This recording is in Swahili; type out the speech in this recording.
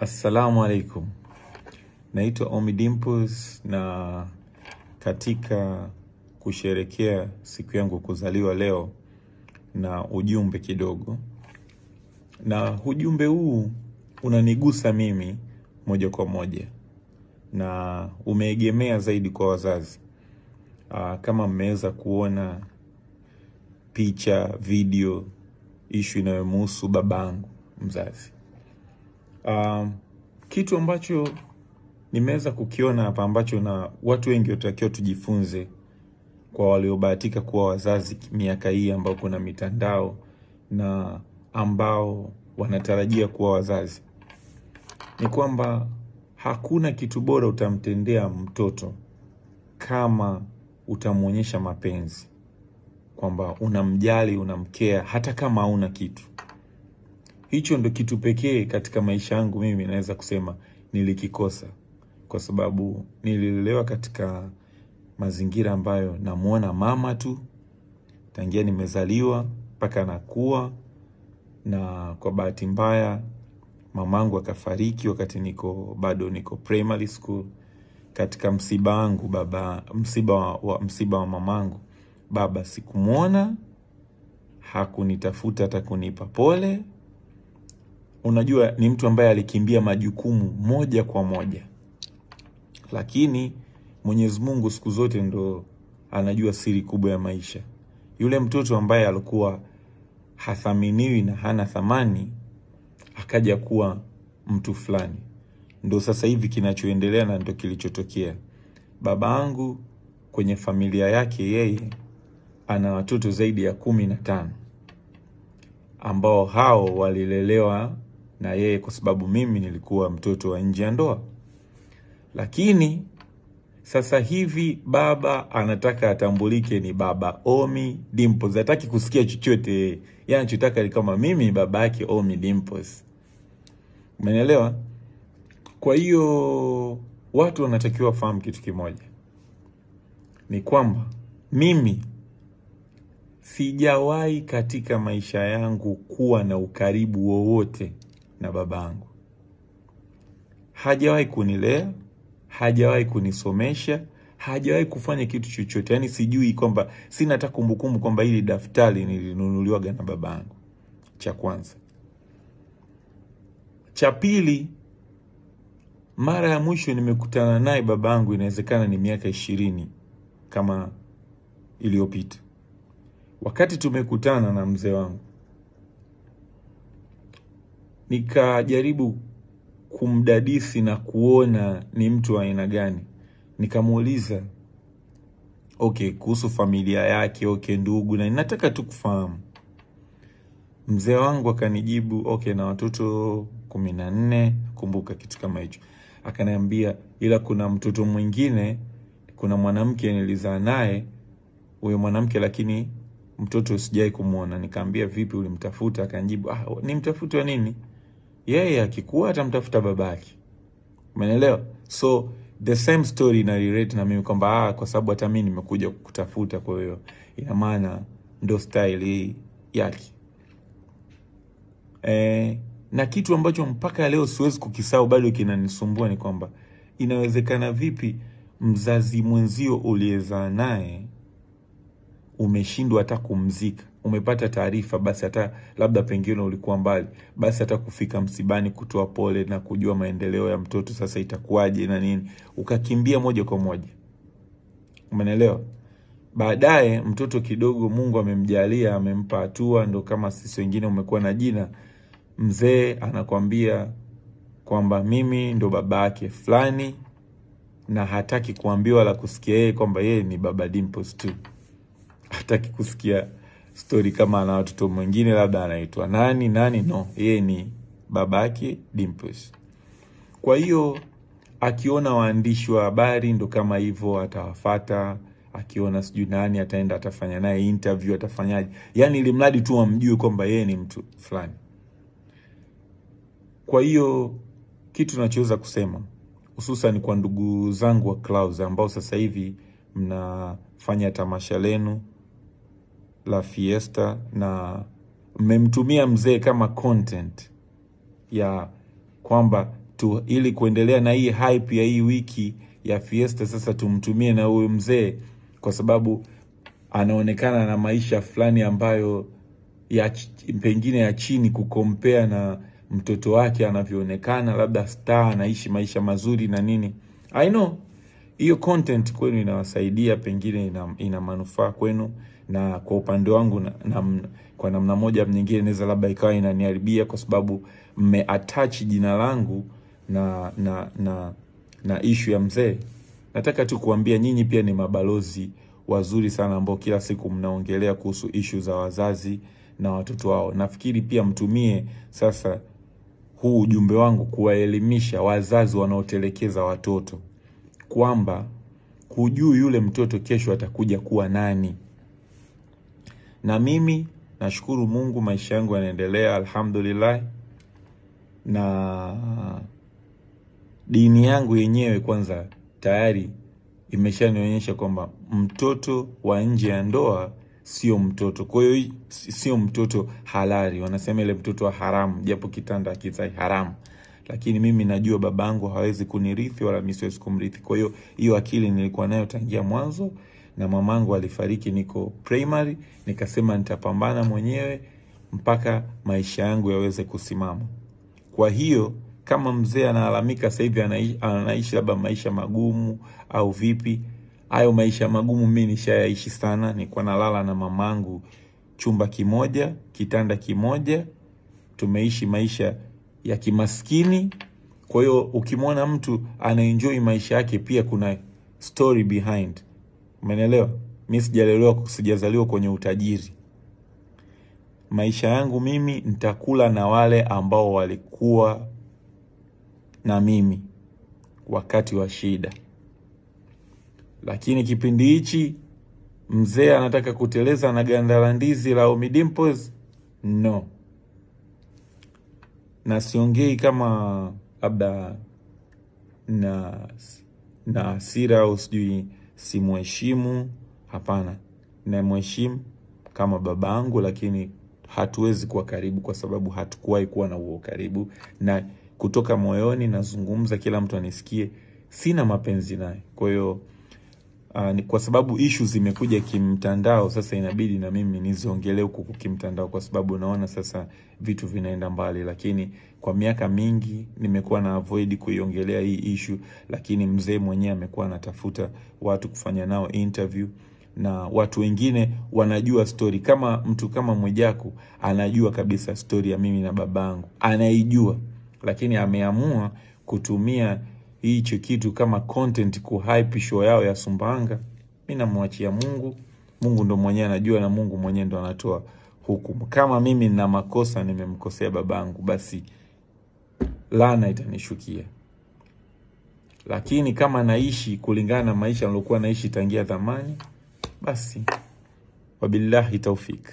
Assalamu alaikum, naitwa Ommy Dimpoz, na katika kusherekea siku yangu kuzaliwa leo na ujumbe kidogo, na ujumbe huu unanigusa mimi moja kwa moja na umeegemea zaidi kwa wazazi. Aa, ah, kama mmeweza kuona picha, video, ishu inayomhusu babangu mzazi Um, kitu ambacho nimeweza kukiona hapa ambacho na watu wengi watakiwa tujifunze kwa waliobahatika kuwa wazazi miaka hii ambao kuna mitandao na ambao wanatarajia kuwa wazazi ni kwamba hakuna kitu bora utamtendea mtoto kama utamwonyesha mapenzi, kwamba unamjali, unamkea hata kama hauna kitu hicho ndo kitu pekee katika maisha yangu mimi naweza kusema nilikikosa, kwa sababu nililelewa katika mazingira ambayo namwona mama tu tangia nimezaliwa mpaka nakuwa, na kwa bahati mbaya mamangu akafariki wakati niko bado niko primary school. Katika msiba wangu baba, msiba wa, msiba wa mamangu baba sikumwona, hakunitafuta hata kunipa pole unajua ni mtu ambaye alikimbia majukumu moja kwa moja, lakini Mwenyezi Mungu siku zote ndo anajua siri kubwa ya maisha. Yule mtoto ambaye alikuwa hathaminiwi na hana thamani akaja kuwa mtu fulani. Ndo sasa hivi kinachoendelea na ndo kilichotokea. baba Babangu kwenye familia yake yeye ana watoto zaidi ya kumi na tano ambao hao walilelewa na yeye kwa sababu mimi nilikuwa mtoto wa nje ya ndoa. Lakini sasa hivi baba anataka atambulike ni baba Omi Dimples, hataki kusikia chochote yeye. Yeye anachotaka ni kama mimi ni baba yake Omi Dimples, umenielewa? Kwa hiyo watu wanatakiwa fahamu kitu kimoja, ni kwamba mimi sijawahi katika maisha yangu kuwa na ukaribu wowote na babangu. Hajawahi kunilea, hajawahi kunisomesha, hajawahi kufanya kitu chochote. Yaani sijui kwamba sina hata kumbukumbu kwamba hili daftari nilinunuliwaga na babangu. Cha kwanza. Cha pili, mara ya mwisho nimekutana naye babangu inawezekana ni miaka ishirini kama iliyopita, wakati tumekutana na mzee wangu nikajaribu kumdadisi na kuona ni mtu wa aina gani. Nikamuuliza okay, kuhusu familia yake, okay, ndugu, na nataka tu kufahamu. Mzee wangu akanijibu okay, na watoto kumi na nne, kumbuka kitu kama hicho. Akaniambia ila kuna mtoto mwingine, kuna mwanamke nilizaa naye huyo mwanamke, lakini mtoto sijai kumwona. Nikaambia vipi, ulimtafuta? akanjibu ah, ni wa nini yeye akikuwa atamtafuta babake, umeelewa? So the same story na relate na mimi kwamba ah, kwa sababu hata mimi nimekuja kukutafuta, kwa hiyo ina maana ndo style hii yake eh, na kitu ambacho mpaka leo siwezi kukisahau bado kinanisumbua ni kwamba inawezekana vipi mzazi mwenzio uliyezaa naye umeshindwa hata kumzika umepata taarifa, basi hata labda pengine ulikuwa mbali, basi hata kufika msibani kutoa pole na kujua maendeleo ya mtoto sasa itakuwaje na nini, ukakimbia moja kwa moja, umeelewa? Baadaye mtoto kidogo, Mungu amemjalia amempa hatua, ndo kama sisi wengine umekuwa na jina, mzee anakwambia kwamba mimi ndo baba yake fulani, na hataki kuambiwa la kusikia yeye kwamba yeye ni baba dimpos tu, hataki kusikia stori kama ana watoto mwingine labda anaitwa nani nani, no, yeye ni babake Dimples. Kwa hiyo akiona waandishi wa habari ndo kama hivyo atawafata, akiona sijui nani ataenda atafanya naye interview atafanyaje, yani ili mradi tu wamjue kwamba yeye ni mtu fulani. Kwa hiyo kitu nachoweza kusema hususan kwa ndugu zangu wa Clouds ambao sasa hivi mnafanya tamasha lenu la Fiesta na mmemtumia mzee kama content ya kwamba tu, ili kuendelea na hii hype ya hii wiki ya Fiesta, sasa tumtumie na huyu mzee kwa sababu anaonekana na maisha fulani ambayo ya pengine ya chini kukompea na mtoto wake anavyoonekana, labda star anaishi maisha mazuri na nini. I know hiyo content kwenu inawasaidia, pengine ina, ina manufaa kwenu na kwa upande wangu na, na, kwa namna moja nyingine naweza labda ikawa inaniharibia kwa sababu mmeattach jina langu na na na, na ishu ya mzee. Nataka tu kuambia nyinyi pia ni mabalozi wazuri sana ambao kila siku mnaongelea kuhusu ishu za wazazi na watoto wao. Nafikiri pia mtumie sasa huu ujumbe wangu kuwaelimisha wazazi wanaotelekeza watoto kwamba hujuu yule mtoto kesho atakuja kuwa nani na mimi nashukuru Mungu, maisha yangu yanaendelea alhamdulillah, na dini yangu yenyewe kwanza tayari imeshanionyesha kwamba mtoto wa nje ya ndoa sio mtoto, kwa hiyo sio mtoto halali, wanasema ile mtoto wa haramu, japo kitanda kizai haramu, lakini mimi najua babangu hawezi kunirithi wala mimi siwezi kumrithi. Kwa hiyo hiyo akili nilikuwa nayo tangia mwanzo na mamangu alifariki niko primary, nikasema nitapambana mwenyewe mpaka maisha yangu yaweze kusimama. Kwa hiyo kama mzee analalamika sasa hivi anaishi labda maisha magumu au vipi, hayo maisha magumu mimi nishayaishi sana. Nilikuwa nalala na mamangu chumba kimoja, kitanda kimoja, tumeishi maisha ya kimaskini. Kwa hiyo ukimwona mtu anaenjoy maisha yake, pia kuna story behind. Umenelewa? Mi sijalelewa, sijazaliwa kwenye utajiri. Maisha yangu mimi nitakula na wale ambao walikuwa na mimi wakati wa shida, lakini kipindi hichi mzee anataka kuteleza na ganda la ndizi la omidimpos no. Na siongei kama labda na na hasira au sijui simuheshimu, hapana. Namheshimu kama babangu, lakini hatuwezi kuwa karibu kwa sababu hatukuwahi kuwa na uo karibu, na kutoka moyoni nazungumza, kila mtu anisikie, sina mapenzi naye, kwa hiyo Uh, ni kwa sababu ishu zimekuja kimtandao, sasa inabidi na mimi niziongelee huku kimtandao, kwa sababu naona sasa vitu vinaenda mbali, lakini kwa miaka mingi nimekuwa na avoid kuiongelea hii ishu, lakini mzee mwenyewe amekuwa anatafuta watu kufanya nao interview na watu wengine wanajua story kama mtu kama mwejaku anajua kabisa story ya mimi na babangu, anaijua, lakini ameamua kutumia hicho kitu kama content kuhype show yao ya sumbanga mimi namwachia Mungu. Mungu ndo mwenyewe anajua na Mungu mwenyewe ndo anatoa hukumu. Kama mimi nina makosa, nimemkosea babangu, basi lana itanishukia, lakini kama naishi kulingana na maisha nilokuwa naishi tangia zamani, basi wabillahi taufiki.